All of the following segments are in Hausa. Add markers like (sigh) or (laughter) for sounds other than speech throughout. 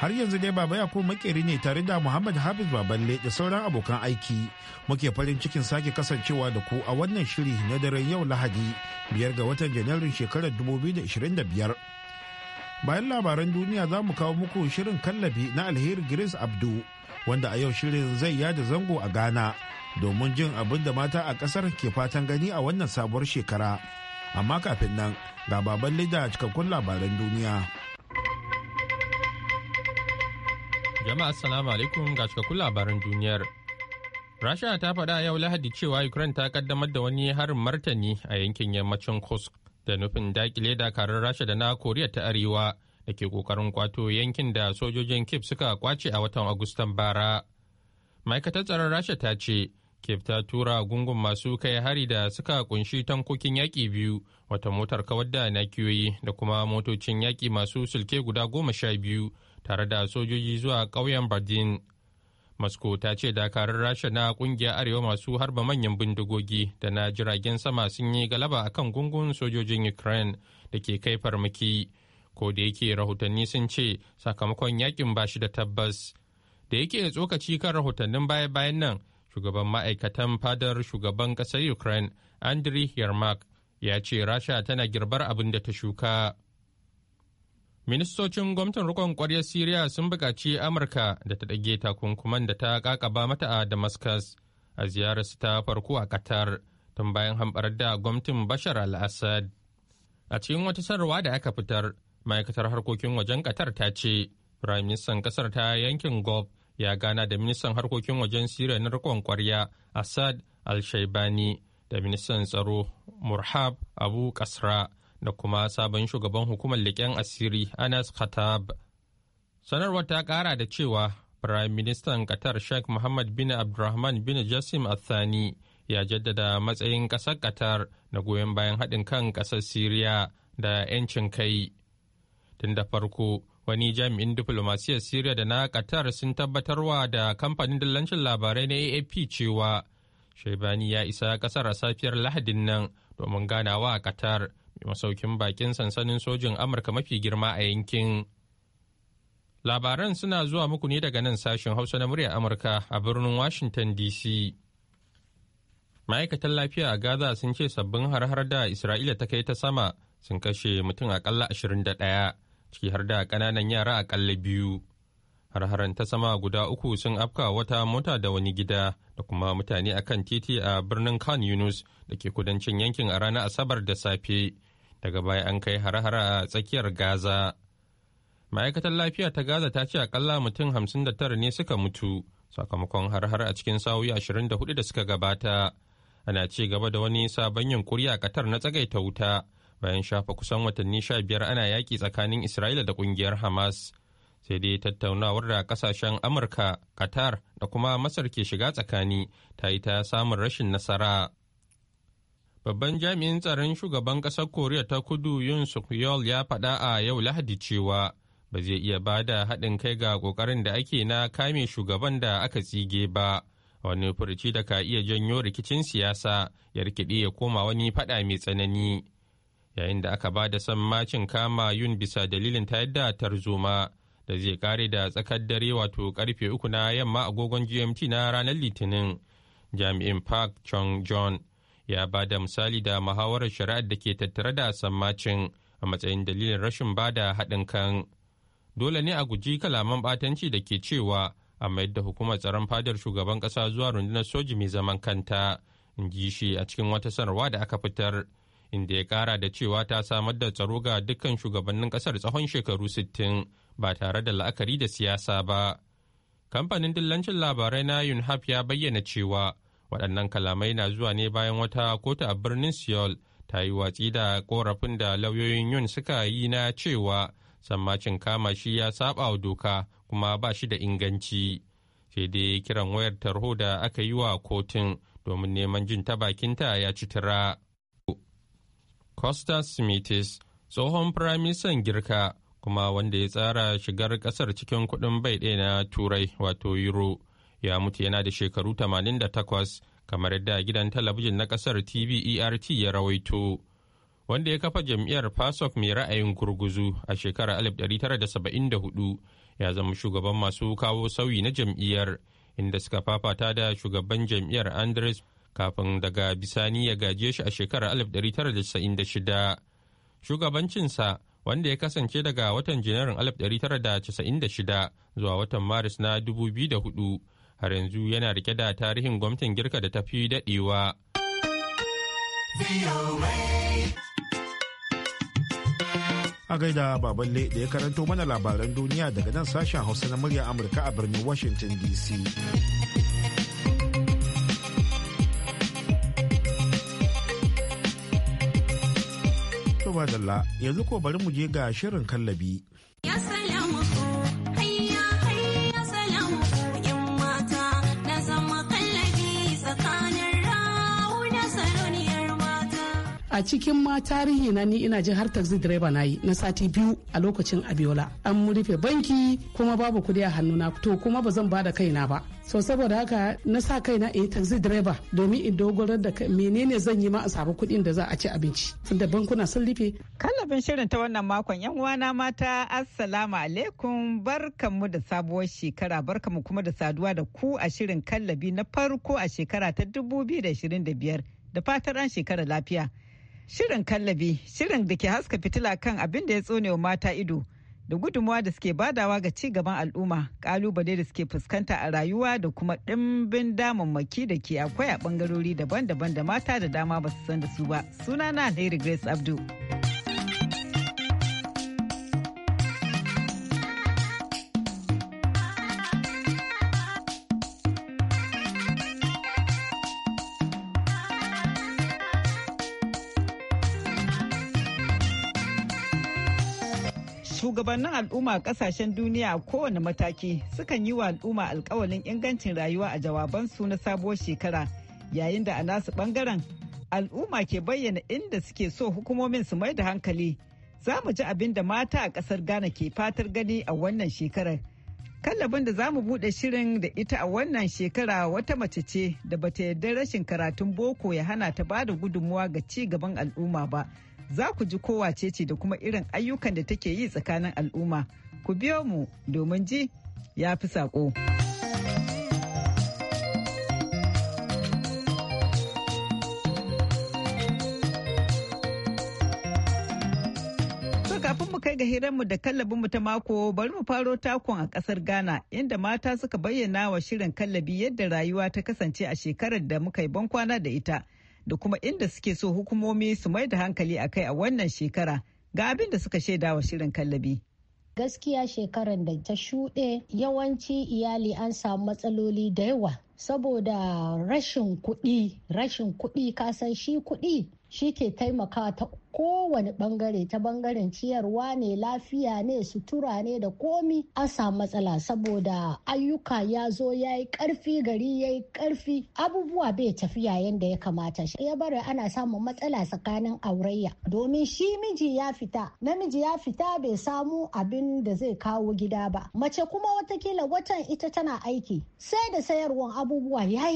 har yanzu dai baba yakubu makeri ne tare da muhammad hafiz baballe da sauran abokan aiki muke farin cikin sake kasancewa da ku a wannan shiri na daren yau lahadi biyar ga watan janairun shekarar 2025 bayan labaran duniya za mu kawo muku shirin kallabi na alheri grace abdu wanda a yau shirin zai yada zango a ghana domin jin abin da mata a kasar ke fatan gani a wannan sabuwar shekara amma kafin nan ga baban leda cikakkun labaran duniya Jama'a assalamu alaikum ga cikakkun labaran duniyar. Rasha ta faɗa yau Lahadi cewa Ukraine ta kaddamar da wani harin martani a yankin yammacin Kursk da nufin dakile dakarun Rasha da na Koriya ta Arewa da ke kokarin kwato yankin da sojojin Kiev suka kwace a watan Agustan bara. Ma'aikatar tsaron Rasha ta ce Kiev ta tura gungun masu kai hari da suka kunshi tankokin yaki biyu wata motar kawar da nakiyoyi da kuma motocin yaki masu sulke guda goma sha biyu tare da sojoji zuwa ƙauyen Bardin. Moscow ta ce dakarun Rasha na ƙungiyar Arewa masu harba manyan bindigogi da na jiragen sama sun yi galaba a kan gungun sojojin Ukraine da ke kai farmaki. Ko da yake rahotanni sun ce sakamakon yakin bashi da tabbas. Da yake tsokaci kan rahotannin baya-bayan nan, shugaban ma'aikatan fadar shugaban ƙasar Ukraine, Andriy yarmak ya ce Rasha tana girbar abin da ta shuka. ministocin gwamnatin rikon kwaryar siriya sun buƙaci amurka da ta ɗage takunkuman da ta ƙaƙaba mata a damascus a ziyararsu ta farko a qatar tun bayan hamɓarar da gwamnatin bashar al-assad a cikin wata sarwa da aka fitar ma'aikatar harkokin wajen qatar ta ce firayim ƙasar ta yankin gov ya gana da ministan harkokin wajen siriya na rikon kwarya assad al-shaibani da ministan tsaro murhab abu kasra da kuma sabon shugaban hukumar leƙen asiri anas khatab sanarwar ta ƙara da cewa prime ministan qatar sheikh muhammad bin abdulrahman bin jassim athani ya jaddada matsayin ƙasar qatar na goyon bayan haɗin kan ƙasar syria da 'yancin kai tun da farko wani jami'in diflomasiyyar syria da na qatar sun tabbatarwa da kamfanin dillancin labarai na aap cewa shaibani ya isa ƙasar a safiyar lahadin nan domin ganawa a qatar masaukin bakin sansanin sojin amurka mafi girma a yankin labaran suna zuwa muku ne daga nan sashen hausa na murya amurka a birnin washington dc ma'aikatan lafiya a gaza sun ce sabbin har-har da isra'ila ta kai ta sama sun kashe mutum akalla 21 ciki har da ƙananan yara akalla biyu har-haren ta sama guda uku sun afka wata mota da wani gida da kuma mutane akan titi a birnin khan yunus da ke kudancin yankin a ranar asabar da safe daga baya an kai hare-hare a tsakiyar gaza ma'aikatar lafiya ta gaza ta ce akalla mutum tara ne suka mutu sakamakon har-har a cikin sa'o'i 24 da suka gabata ana ci gaba da wani sabon yunkuri a katar na tsagaita wuta bayan shafa kusan watanni 15 ana yaki tsakanin isra'ila da kungiyar hamas sai dai tattaunawar da kasashen amurka qatar da kuma masar ke shiga tsakani ta yi ta samun rashin nasara Babban jami'in tsaron shugaban ƙasar Koriya ta kudu Yun Suk Yol ya faɗa a yau Lahadi cewa ba zai iya ba da haɗin kai ga ƙoƙarin da ake na kame shugaban da aka tsige ba. Wani furuci da ka iya janyo rikicin siyasa ya rikide ya koma wani faɗa mai tsanani. Yayin da aka ba da macin kama Yun bisa dalilin ta yadda tarzoma da zai kare da tsakar dare wato karfe uku na yamma agogon GMT na ranar Litinin. Jami'in Park Chung John ya ba da misali da muhawarar shari'ar da ke tattare da sammacin a matsayin dalilin rashin ba da haɗin kan dole ne a guji kalaman batanci da ke cewa a mayar da hukumar tsaron fadar shugaban ƙasa zuwa rundunar soji mai zaman kanta in ji shi a cikin wata sanarwa da aka fitar inda ya kara da cewa ta samar da tsaro ga dukkan shugabannin ƙasar tsawon shekaru 60 ba tare da la'akari da siyasa ba. Kamfanin dillancin labarai na yunhaf ya bayyana cewa waɗannan kalamai na zuwa ne bayan wata kotu a birnin seoul ta yi watsi da korafin da lauyoyin yun suka yi na cewa sammacin kama shi ya saba wa doka kuma ba shi da inganci sai dai kiran wayar tarho da aka yi wa kotun domin neman jin ta bakinta ya ci tira. Costa smithis tsohon firaministan girka kuma wanda ya tsara shigar kasar cikin kuɗin bai ɗaya na turai wato euro ya mutu yana da shekaru 88 kamar yadda gidan talabijin na kasar tvert ya rawaito wanda ya kafa jam'iyyar pasok mai ra'ayin gurguzu a shekarar 1974 ya zama shugaban masu kawo sauyi na jam'iyyar inda suka fafata da shugaban jam'iyyar andres kafin daga bisani ya gaje shi a shekarar 1996 shugabancinsa wanda ya kasance daga watan janairun 1996 zuwa watan maris na 2004 har yanzu yana rike da tarihin gwamnatin girka da tafi daɗewa. A gaida baballe da ya karanto mana labaran duniya daga nan sashen hausa na murya Amurka a birnin Washington DC. yanzu ko bari mu je ga shirin kallabi. a cikin ma tarihi na ni ina jin har taxi driver na yi na sati biyu a lokacin abiola an rufe banki kuma babu kudi a hannuna to kuma ba zan bada kaina ba so saboda haka na sa kaina in yi taxi driver domin in dogorar da menene zan yi ma a sabu kudin da za a ci abinci da bankuna sun rufe kallabin shirin ta wannan makon yan uwana mata assalamu alaikum barkanmu da sabuwar shekara barkanmu kuma da saduwa da ku a shirin kallabi na farko a shekara ta 2025 da fatar an shekara lafiya Shirin kallabi, shirin da ke haska fitila kan abin da ya wa mata ido da gudunmuwa da suke badawa ga ci gaban al'umma, kalubale da suke fuskanta a rayuwa da kuma ɗimbin damammaki da ke akwai a ɓangarori daban-daban da mata da dama ba su san da su ba. Sunana Alheri Grace Abdul. shugabannin al'umma a kasashen duniya a kowane mataki sukan yi wa al'umma alkawalin ingancin rayuwa a jawabansu na sabuwar shekara yayin da a nasu bangaren al'umma ke bayyana inda suke so hukumomin su mai da hankali za mu ji abin da mata a ƙasar ghana ke fatar gani a wannan shekarar kallabin da za mu buɗe shirin da ita a wannan shekara wata mace ce da bata yarda rashin karatun boko ya hana ta bada gudunmuwa ga ci gaban al'umma ba. za ku ji kowace ce da kuma irin ayyukan da take yi tsakanin al'umma. Ku biyo mu domin ji ya fi saƙo. kafin mu kai ga mu da kallabinmu ta mako bari mu faro takon a kasar ghana inda mata suka bayyana wa shirin kallabi yadda rayuwa ta kasance a shekarar da muka yi bankwana da ita da kuma inda suke so hukumomi su mai da hankali a kai a wannan shekara ga abin da suka shaida wa shirin kallabi. Gaskiya shekaran da ta shuɗe yawanci iyali an samu matsaloli da yawa saboda rashin kuɗi rashin kuɗi kasan shi kuɗi shi ke taimakawa ta kowane bangare ta bangaren ciyarwa ne lafiya ne sutura ne da komi an samu matsala saboda ayyuka ya zo ya yi karfi gari ya yi karfi abubuwa bai tafiya yadda ya kamata shi. ya bari ana samun matsala tsakanin aurayya domin shi miji ya fita namiji ya fita bai samu abin da zai kawo gida ba mace kuma watakila watan ita tana aiki sai da sayarwan abubuwa ya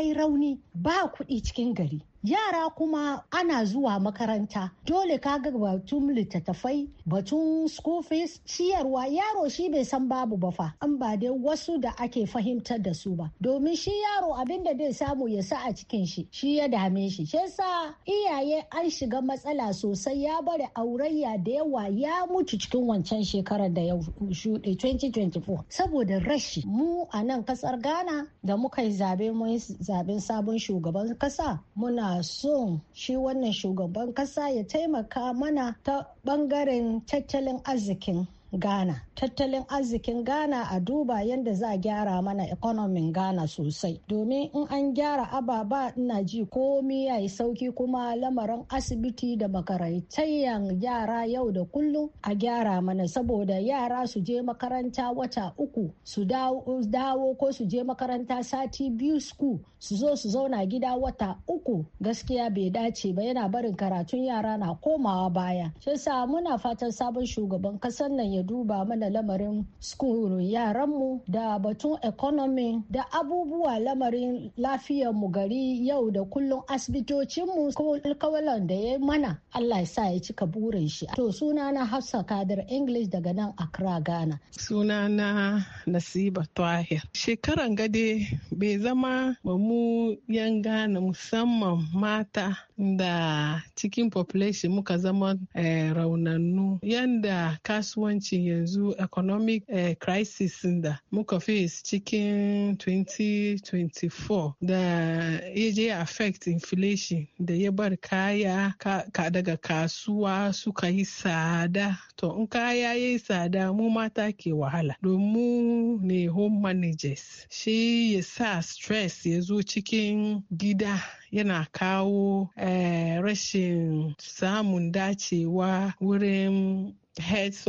yi rauni ba kuɗi cikin gari yara kuma ana zuwa makaranta dole ka ga batun littattafai batun school fees ciyarwa yaro shi bai san babu ba fa an ba dai wasu da ake fahimtar da su ba domin shi yaro abin da zai samu ya sa a cikin shi shi ya dame shi shi sa iyaye an shiga matsala sosai ya bari aurayya da yawa ya mutu cikin wancan shekarar da ya shuɗe 2024 saboda rashi mu a nan kasar ghana da muka yi zabe mun zaben sabon shugaban kasa muna son shi wannan shugaban kasa ya taimaka mana ta bangaren tattalin arzikin Ghana. Tattalin arzikin Ghana a duba yadda za a gyara mana ekonomin Ghana sosai. Domin in an gyara ababa ina ji komi ya yi sauki kuma lamarin asibiti da makarantayyan yara yau da kullum a gyara mana saboda yara su je makaranta wata uku su dawo ko su je makaranta sati biyu sku su zo su zauna gida wata uku gaskiya bai dace ba yana barin karatun yara na komawa baya shi sa muna fatan sabon shugaban kasar nan ya duba mana lamarin yaran mu. da batun economy da abubuwa lamarin lafiyar mu gari yau da kullum asibitocinmu alkawalan da ya mana Allah ya sa ya cika burin shi to na Hafsa Kadir English daga nan Accra Ghana sunana Nasiba Tahir shekaran gade bai zama mu mu yan gana musamman mata da cikin population muka zama eh, raunannu yanda kasuwanci yanzu economic eh, crisis da muka face cikin 2024 da ya je affect inflation da ya bar kaya ka, daga kasuwa suka yi tsada to in kaya ya yi tsada mu mata ke wahala domin ne home managers shi ya sa stress ya zo cikin gida yana kawo eh, rashin samun dacewa wurin heads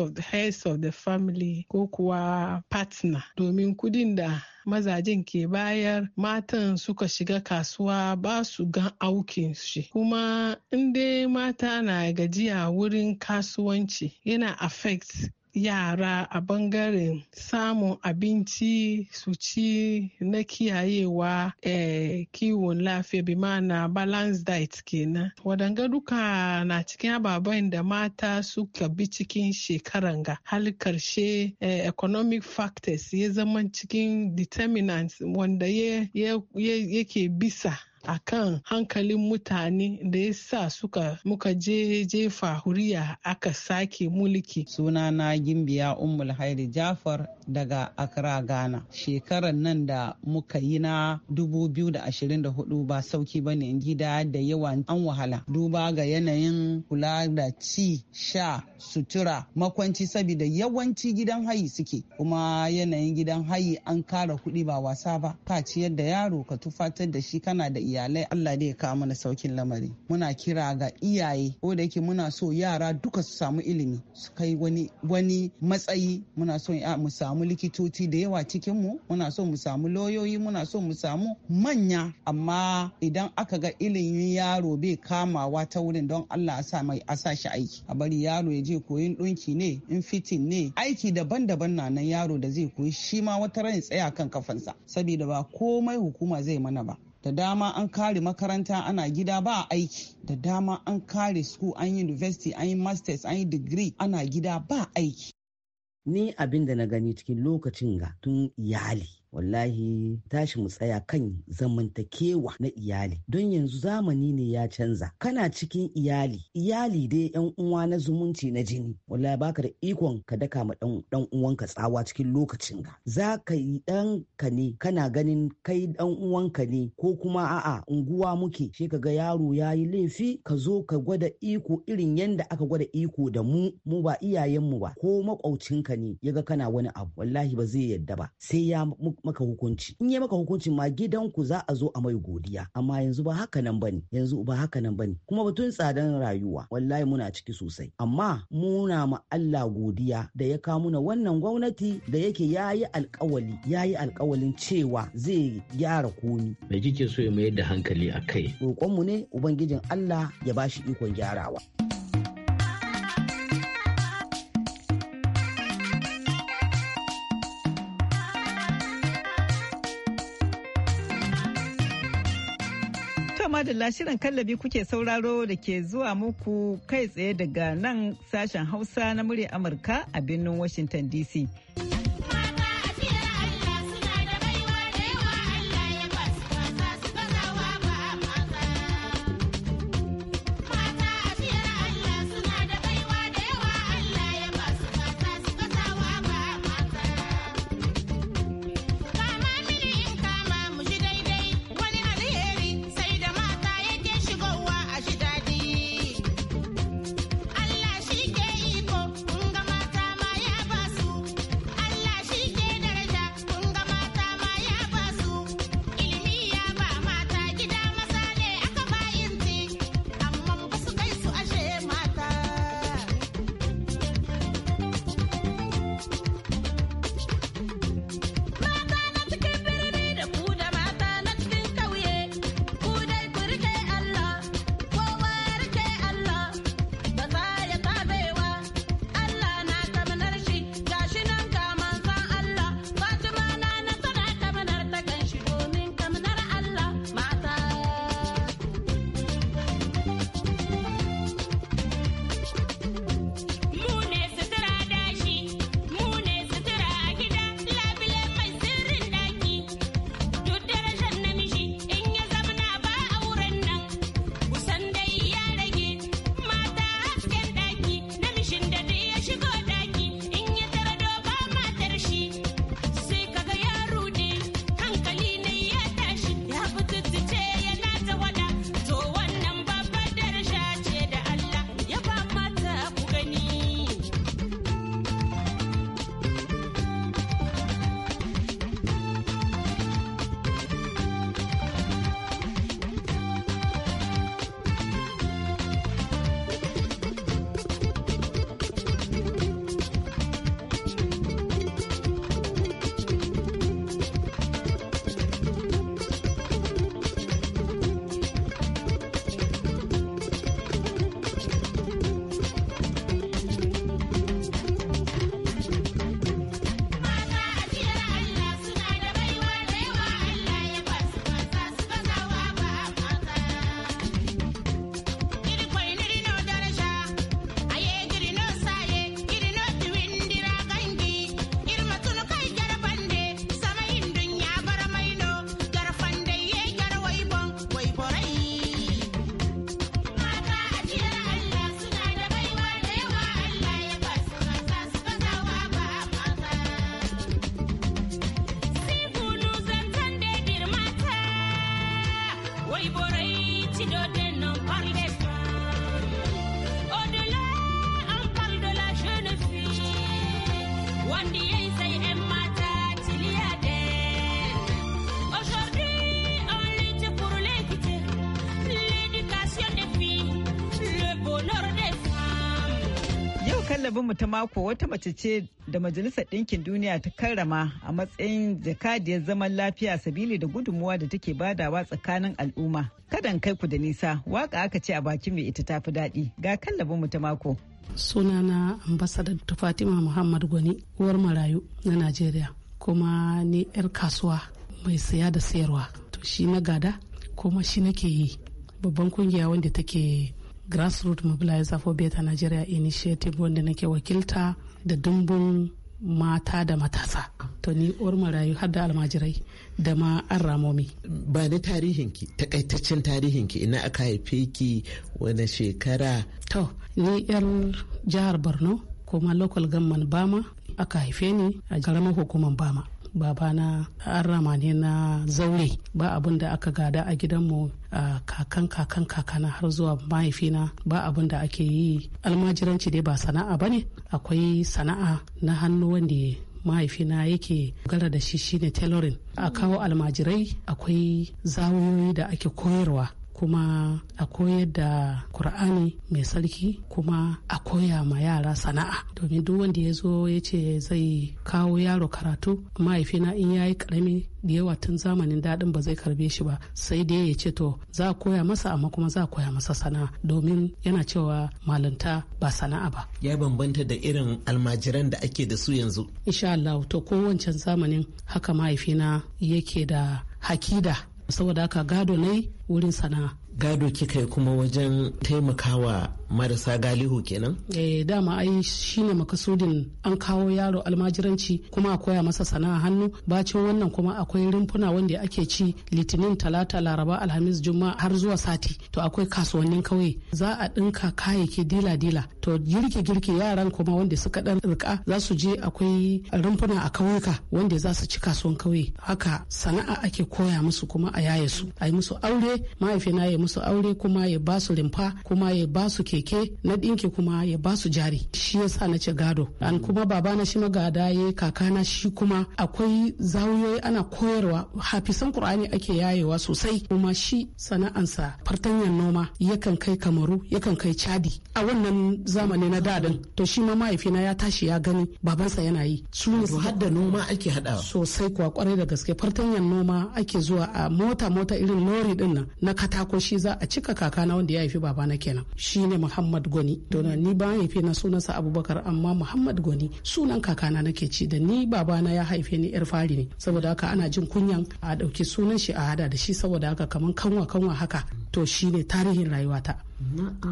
of the family ko kuwa partner domin kudin da mazajen ke bayar matan suka shiga kasuwa ba su gan aukin shi kuma in mata na gajiya wurin kasuwanci yana affect yara a bangaren samun abinci su ci na kiyayewa eh, kiwon lafiya bi mana balance diet kenan wadanga duka na cikin ababen da mata suka bi cikin shekaran ga hal karshe eh, economic factors ya zama cikin determinants wanda yake bisa akan hankalin mutane da ya sa suka muka je jefa huriya aka sake mulki. Suna na gimbiya Ummul Hairi Jafar daga Akra, Ghana. Shekarar nan da muka yi na 2024 ba sauki ba ne gida da yawa an wahala. Duba ga yanayin kula da ci, sha, sutura, makwanci saboda yawanci gidan hayi suke. Kuma yanayin gidan hayi an kara kuɗi ba wasa ba. Ka ciyar da yaro ka tufatar da shi kana da iyalai Allah dai ya kawo mana saukin lamari muna kira ga iyaye ko da yake muna so yara duka su samu ilimi su kai wani wani matsayi muna so ah, mu samu likitoci da yawa cikin mu muna so mu samu lauyoyi muna so mu samu manya amma idan aka ga ilimin yaro bai kamawa ta wurin don Allah a sa mai a shi aiki a bari yaro ya je koyin dunki ne in fitin ne aiki daban-daban na nan yaro da zai koyi shi ma wata ran tsaya kan kafansa saboda ba komai hukuma zai mana ba da dama an kare makaranta ana gida ba aiki da dama an kare school an yi university an yi masters an yi degree ana gida ba aiki ni abin da na gani cikin lokacin ga tun iyali wallahi tashi mu tsaya kan zamantakewa na iyali don yanzu zamani ne ya canza kana cikin iyali iyali dai yan uwa na zumunci na jini wallahi baka da ikon ka daka ma dan uwanka tsawa cikin lokacin ga za ka yi dan ka ne kana ganin kai dan uwanka ne ko kuma a'a unguwa muke shi ka ga yaro ya yi laifi ka zo ka gwada iko irin yanda aka gwada iko da mu mu ba iyayenmu ba ko makwaucinka ne ya ga kana wani abu wallahi ba zai yadda ba sai ya maka hukunci in ya maka hukunci ma gidanku za a zo a mai godiya amma yanzu ba haka nan bane yanzu ba haka nan bane kuma batun tsadan rayuwa wallahi muna ciki sosai amma muna ma Allah godiya da ya kawo muna wannan gwamnati da yake yayi alkawali yayi alkawalin cewa zai gyara komi me kike so ya mayar da hankali akai roƙon mu ne ubangijin Allah ya bashi ikon gyarawa. ma da shirin kallabi kuke sauraro da ke zuwa muku kai tsaye daga nan sashen Hausa na murya Amurka a birnin Washington DC. mu ta mako wata mace ce da Majalisar Ɗinkin Duniya ta karrama a matsayin jakadiyar zaman lafiya sabili da gudunmuwa da take badawa tsakanin al'umma. Kadan kai ku da nisa, waka aka ce a bakin mai ita tafi daɗi ga kallabin mu ta mako. Sunana ambasadar ta Fatima Muhammad Gwani, uwar marayu na Najeriya, kuma ni 'yar kasuwa mai saya da sayarwa. To shi na gada, kuma shi nake yi. Babban kungiya wanda take grassroot mobilizer for better nigeria initiative wanda nake wakilta da dumbin mata da matasa to ni uwar marayu har da almajirai da ma an ramomi ba ni tarihinki takaitaccen tarihinki ina aka haife ki wani shekara to ni yar jihar borno kuma local government bama aka haife ni a karamar hukumar bama babana an rama ne na zaure ba abin da aka gada a gidanmu a kakan kakan kakana har zuwa mahaifina ba abin da ake yi almajiranci dai ba sana'a ba ne akwai sana'a na hannu wanda mahaifina yake gara da shi shine tailoring a kawo almajirai akwai zawoyoyi da ake koyarwa kuma a koyar da kur'ani mai sarki kuma a koya ma yara sana'a domin duk wanda ya zo ya ce zai kawo yaro karatu mahaifina in ya yi karami da yawa tun zamanin daɗin ba zai karbe shi ba sai dai ya ce to za a koya masa amma kuma za a koya masa sana'a domin yana cewa malanta ba sana'a ba ya bambanta da irin almajiran da ake da su yanzu insha Allah to ko wancan zamanin haka mahaifina yake da hakida saboda haka gado ne wurin sana'a gado kika yi kuma wajen taimakawa marasa galihu kenan? Eh dama ai shine makasudin an kawo yaro almajiranci kuma a koya masa sana'a hannu bacin wannan kuma akwai rumfuna wanda ake ci litinin talata laraba alhamis juma'a har zuwa sati to akwai kasuwannin kauye za a dinka kayayyaki dila dila to girke girke yaran kuma wanda suka dan rika za su je akwai rumfuna a kauyuka wanda za su ci kasuwan kauye haka sana'a ake koya musu kuma a yaye su a musu aure mahaifina ya musu musu aure kuma ya ba su limfa kuma ya ba su keke na ɗinki kuma ya ba su jari shi ya sa na ce gado an kuma babana shi magada ya kakana shi kuma akwai zawuyoyi ana koyarwa hafisan qur'ani ake yayewa sosai kuma shi sana'ansa fartanyan noma yakan kai kamaru yakan kai chadi a wannan zamani na dadin to shi ma mahaifina ya tashi ya gani babansa yana yi su ne har noma ake hadawa sosai kuwa kwarai da gaske fartanyan noma ake zuwa a mota mota irin lori din nan na katako shi shi za a cika kaka na wanda ya haifi babana kenan shine muhammad gwani to ni ba haife na sunansa abubakar amma muhammad gwani sunan kaka na nake ci da ni babana ya haife ni yar fari ne saboda haka ana jin kunyan a ɗauki sunan shi a hada da shi saboda haka kaman kanwa kanwa haka to shine tarihin rayuwata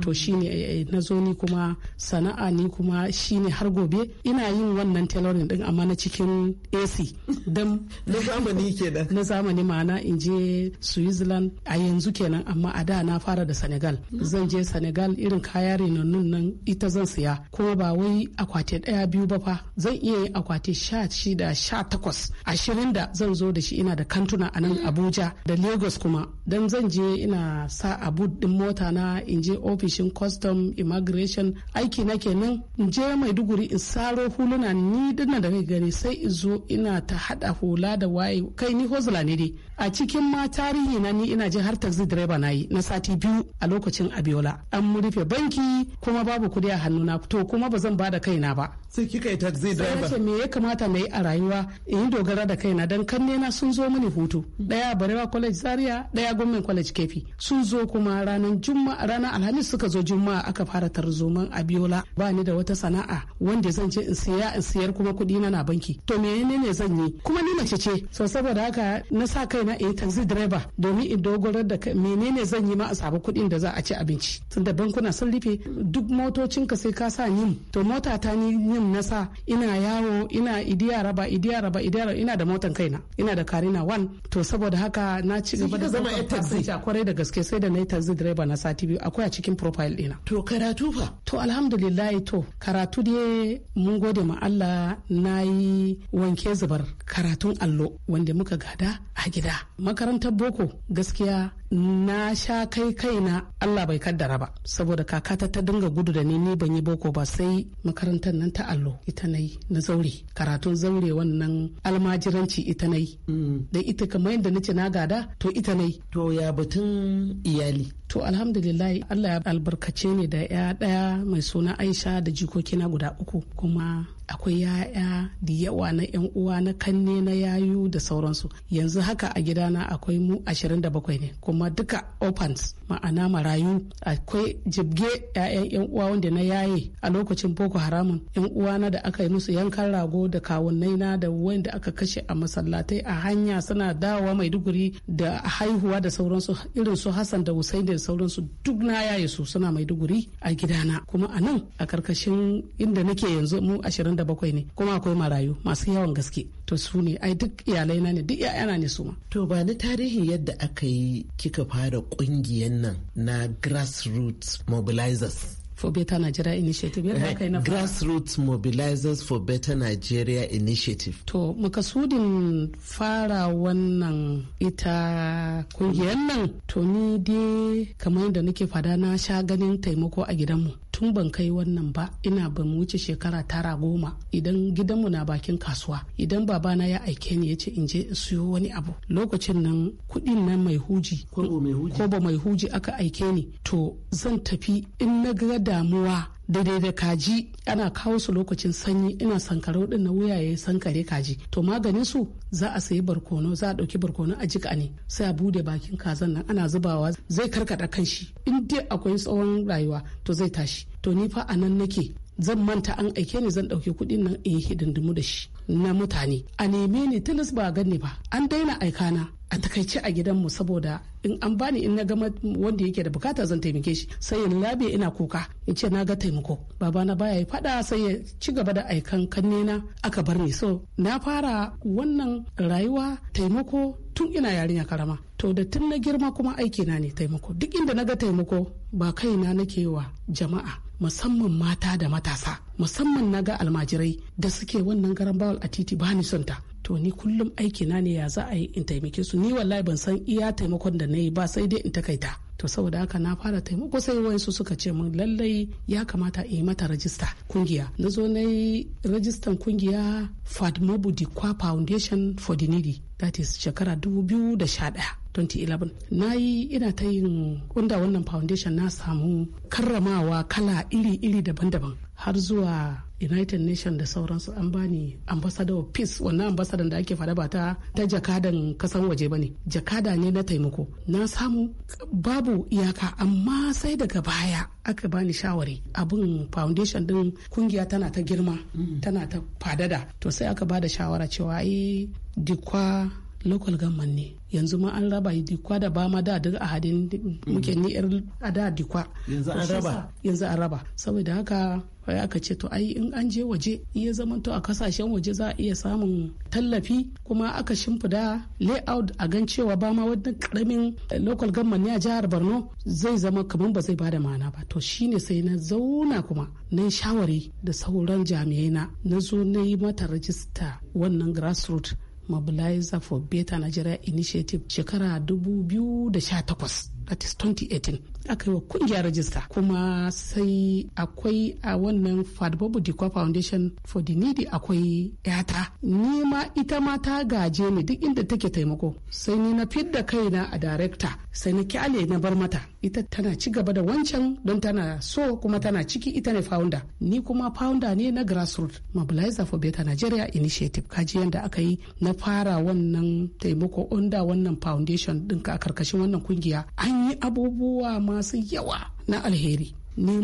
to shine eh, eh, na zo ni kuma sana'a ni kuma shine har gobe ina yin wannan tailoring din amma na cikin AC (laughs) dan na zamani kenan (laughs) na zamani ma'ana in je Switzerland a yanzu kenan amma a da na fara da Senegal zan je Senegal irin kaya renonin nan ita zan siya kuma ba wai akwati daya biyu ba fa zan iya yin akwati sha shida sha takwas ashirin da zan zo da shi ina da kantuna a nan mm. Abuja da Lagos kuma dan zan je ina sa abu din mota na in in je ofishin custom immigration aiki na kenan in je maiduguri in saro huluna ni dinna da kai gani sai in zo ina ta hada hula da waye kai ni hozula ne dai a cikin ma tarihi na ni ina je har taxi driver na yi na sati biyu a lokacin abiola an rufe banki kuma babu kudi a hannu na to kuma ba zan bada kaina ba sai kika yi taxi driver sai me ya kamata na yi a rayuwa in yi dogara da kaina dan kanne na sun zo mini hutu daya barewa college zaria daya gwamnan college kefi sun zo kuma ranar juma'a ranar ranar alhamis suka zo juma'a aka fara tarzoman abiola ba ni da wata sana'a wanda zan je in siya in siyar kuma kuɗi na na banki to menene ne zan yi kuma ni mace ce so saboda haka na sa kaina in taxi driver domin in dogorar da menene zan yi ma a sabu kuɗin da za a ci abinci da bankuna sun rufe duk motocin ka sai ka sa yin to mota ta ni yin na sa ina yawo ina idiya raba idiya raba idiya raba ina da motan kaina ina da karina one to saboda haka na ci gaba da zama taxi kwarai da gaske sai da na yi taxi driver na sati biyu akwai a cikin profile ɗina. To karatu fa? To alhamdulillah to karatu dai mun gode ma Allah na yi wanke zubar karatun allo wanda muka gada a gida. Makarantar boko gaskiya na sha kai kaina Allah bai kaddara ba saboda kakata ta dinga gudu da ni ni ban yi boko ba sai makarantar nan ta allo ita na yi na zaure karatun zaure wannan almajiranci ita na yi mm. da ita kamar yadda nace na gada to ita na yi to ya batun iyali to alhamdulillah Allah ya albarkace ni da ya daya mai suna Aisha da jikokina guda uku kuma akwai ya'ya da yawa na yan uwa na kanne na yayu da sauransu yanzu haka a gidana akwai mu 27 ne kuma duka opens ma'ana marayu akwai jibge ya'yan yan uwa wanda na yaye a lokacin boko haramun yan na da aka yi musu yankan rago da kawunnai na da wanda aka kashe a masallatai a hanya suna dawowa maiduguri da haihuwa da sauransu irin su hassan da hussein da sauransu duk na yaye su suna maiduguri a gidana kuma a nan a karkashin inda nake yanzu mu 27 da bakwai ne kuma akwai marayu masu yawan gaske to su ne ai duk iyalai na ne duk yana ne su ma to ba ni tarihi yadda aka yi kika fara kungiyar nan na grassroots mobilizers for Better Nigeria Initiative. Yadda aka yi na Grassroots Mobilizers for Better Nigeria Initiative. To, makasudin fara wannan ita kungiyar nan to ni dai kamar da nake fada na sha ganin taimako a gidanmu. tun ban kai wannan ba ina ban wuce shekara tara goma idan gidanmu na bakin kasuwa idan babana ya aike ni ya ce in je in siyo wani abu lokacin nan kuɗin nan mai huji ko ba mai huji aka aike ni to zan tafi in na ga damuwa daidai da kaji ana kawo su lokacin sanyi ina sankarau din na wuya ya sankare kaji to maganin su za a sayi barkono za a dauki barkono a jika ne sai a bude bakin kazan nan ana zubawa zai karkada kanshi shi in dai akwai tsawon rayuwa to zai tashi to ni fa anan nake zan manta an aike ni zan ɗauki kuɗin nan in yi hidindimu da shi na mutane a neme ni tilas ba gani ba an daina aikana a takaice a gidan mu saboda in an bani in na gama wanda yake da bukata zan taimake shi sai in labe ina kuka in ce na ga taimako babana baya yi fada sai ya ci gaba da aikan kannena aka bar ni so na fara wannan rayuwa taimako tun ina yarinya karama to da tun na girma kuma aiki na ne taimako duk inda na ga taimako ba kaina nake wa jama'a musamman mata da matasa musamman na ga almajirai da suke wannan garan a titi ba ni son ta to ni kullum aiki na ne ya za a yi in taimake su ni wallahi ban san iya taimakon da na yi ba sai dai in takaita to saboda haka na fara taimako sai su suka ce min lallai ya kamata in yi mata rajista kungiya na zo na yi rajistan kungiya fadmobu kwa foundation for the needy that is shekara 2011 2011 na yi ina ta yin kunda wannan foundation na samu karramawa kala iri-iri daban-daban har zuwa united nation da sauransu an bani ambassador of peace wannan ambassador da ake faɗa ba ta ta jakadan kasan waje bane jakada ne na taimako na samu babu iyaka amma sai daga baya aka bani shawari abin foundation din kungiya tana ta girma mm. tana ta fadada to sai aka bada shawara cewa eh, dikwa local government ne yanzu ma an raba dikwa da ba ma da duk a hadin muke ni yar a dikwa yanzu an raba yanzu an raba saboda haka ya aka ce to ai in an je waje iya zaman to a kasashen waje za a iya samun tallafi kuma aka shimfida layout a gan cewa ba ma wani karamin eh, local government ne a jihar borno zai zama kamar ba zai bada ma'ana ba to shine sai na zauna kuma na shawari da sauran jami'ai na na zo na yi mata rajista wannan grassroots mobilizer for beta nigeria initiative shekara 2018 that is 2018 aka yi wa kungiya rajista kuma sai akwai a wannan fadbobu dikwa foundation for the needy akwai yata ni ma ita ma ta gaje ni duk inda take taimako sai ni na fidda kaina a director sai na kyale na bar mata ita tana ci gaba da wancan don tana so kuma tana ciki ita ne founder ni kuma founder ne na grassroots mobilizer for better nigeria initiative kaji yadda aka yi na fara wannan taimako onda wannan foundation ɗinka a karkashin wannan kungiya an yi abubuwa masu yawa na alheri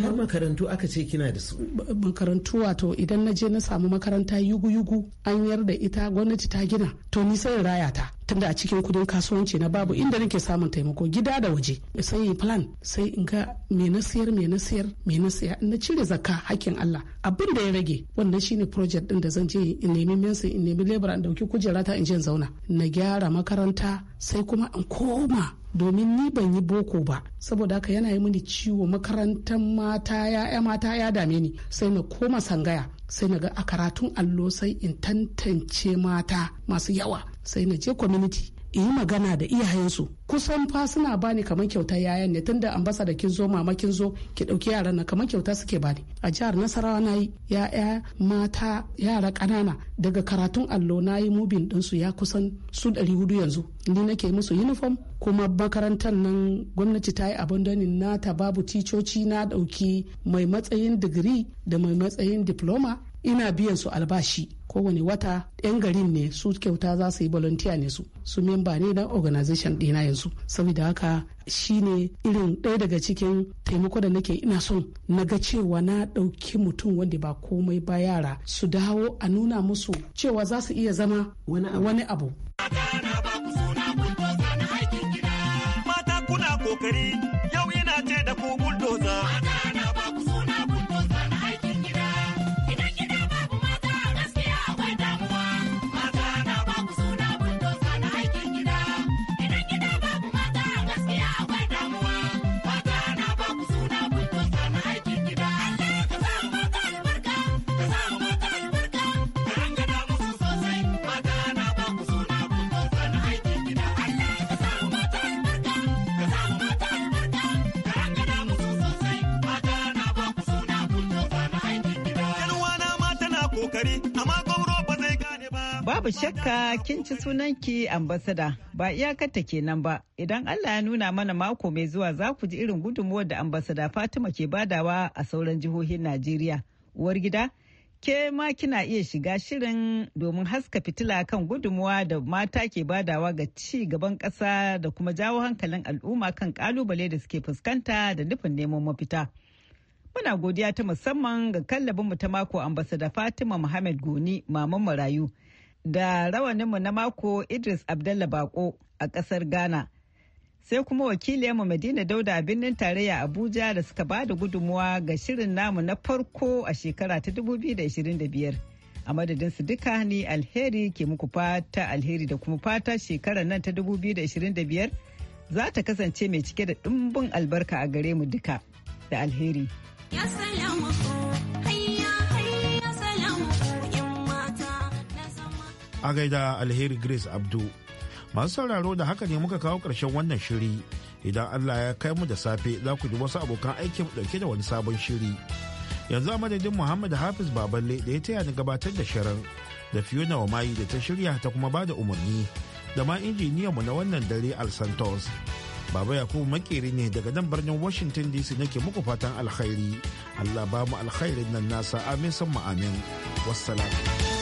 har makarantu aka ce kina da su makarantu wato idan na je na samu makaranta yugu-yugu an yar da ita gwamnati ta gina to ni sai raya ta tunda a cikin kudin kasuwanci na babu inda nake samun taimako gida da waje sai yi plan sai in ga me na siyar me na siyar me na siyar na cire zakka hakkin Allah abin da ya rage wannan shine project din da zan je in nemi mensa in nemi labor an dauki kujera ta in je in zauna na gyara makaranta sai kuma in koma domin ni ban yi boko ba saboda haka yana yi mini ciwo makarantar mata ya mata ya dame ni sai na koma sangaya sai na ga a karatun allo sai in tantance mata masu yawa sai na je community in yi magana da iyayensu kusan fa suna bani kamar kyauta yayan ne tunda da kin zo mama kin zo ki dauki yaran nan kamar kyauta suke bani a jihar nasarawa na yi ya'ya mata yara kanana daga karatun allo na yi mubin dinsu ya kusan su ɗari hudu yanzu ni nake musu uniform kuma makarantar nan gwamnati ta yi abandonin nata babu ticoci na dauki mai matsayin digiri da mai matsayin diploma ina biyan su albashi kowane wata yan garin ne su kyauta za su yi volunteer ne su su memba ne na organization ɗina yanzu saboda haka shine irin ɗaya daga cikin taimako da nake ina son na ga cewa na ɗauki mutum wanda ba komai ba yara su dawo a nuna musu cewa za su iya zama wani abu. Mata kokari kokari amma ba zai gane ba. Babu shakka kin ci sunanki ambasada ba iyakarta kenan ba idan Allah ya nuna mana mako mai zuwa za ku ji irin gudunmuwar da ambasada Fatima ke badawa a sauran jihohin Najeriya. Uwar gida, ke ma kina iya shiga shirin domin haska fitila kan gudunmuwa da mata ke badawa ga ci gaban kasa da kuma jawo hankalin al'umma kan kalubale da suke fuskanta da nufin neman mafita. Muna godiya ta musamman ga kallabinmu ta mako ambasada Fatima Muhammad Goni Maman Marayu da rawaninmu na mako Idris Abdallah Bako a ƙasar Ghana. Sai kuma wakilinmu Madina Dauda a birnin tarayya Abuja da suka ba da gudunmuwa ga shirin namu na farko a shekara ta 2025. A madadin su duka ni alheri ke muku fata alheri da kuma fata shekarar nan ta 2025 za ta kasance mai cike da ɗumbin albarka a gare mu duka da alheri. a gaida alheri grace abdu masu sauraro da haka ne muka kawo ƙarshen wannan shiri idan allah ya kai mu da safe za ku ji wasu abokan aiki mu ɗauke da wani sabon shiri yanzu a madadin muhammad hafiz baballe da ya taya ni gabatar da shirin da fiona wa mayi da ta shirya ta kuma ba da umarni da ma injiniyanmu na wannan dare AlSantos. Baba Yakubu makeri ne daga nan birnin Washington DC nake muku fatan alkhairi. Allah ba mu alkhairin nan nasa amin san amin. Wassalam.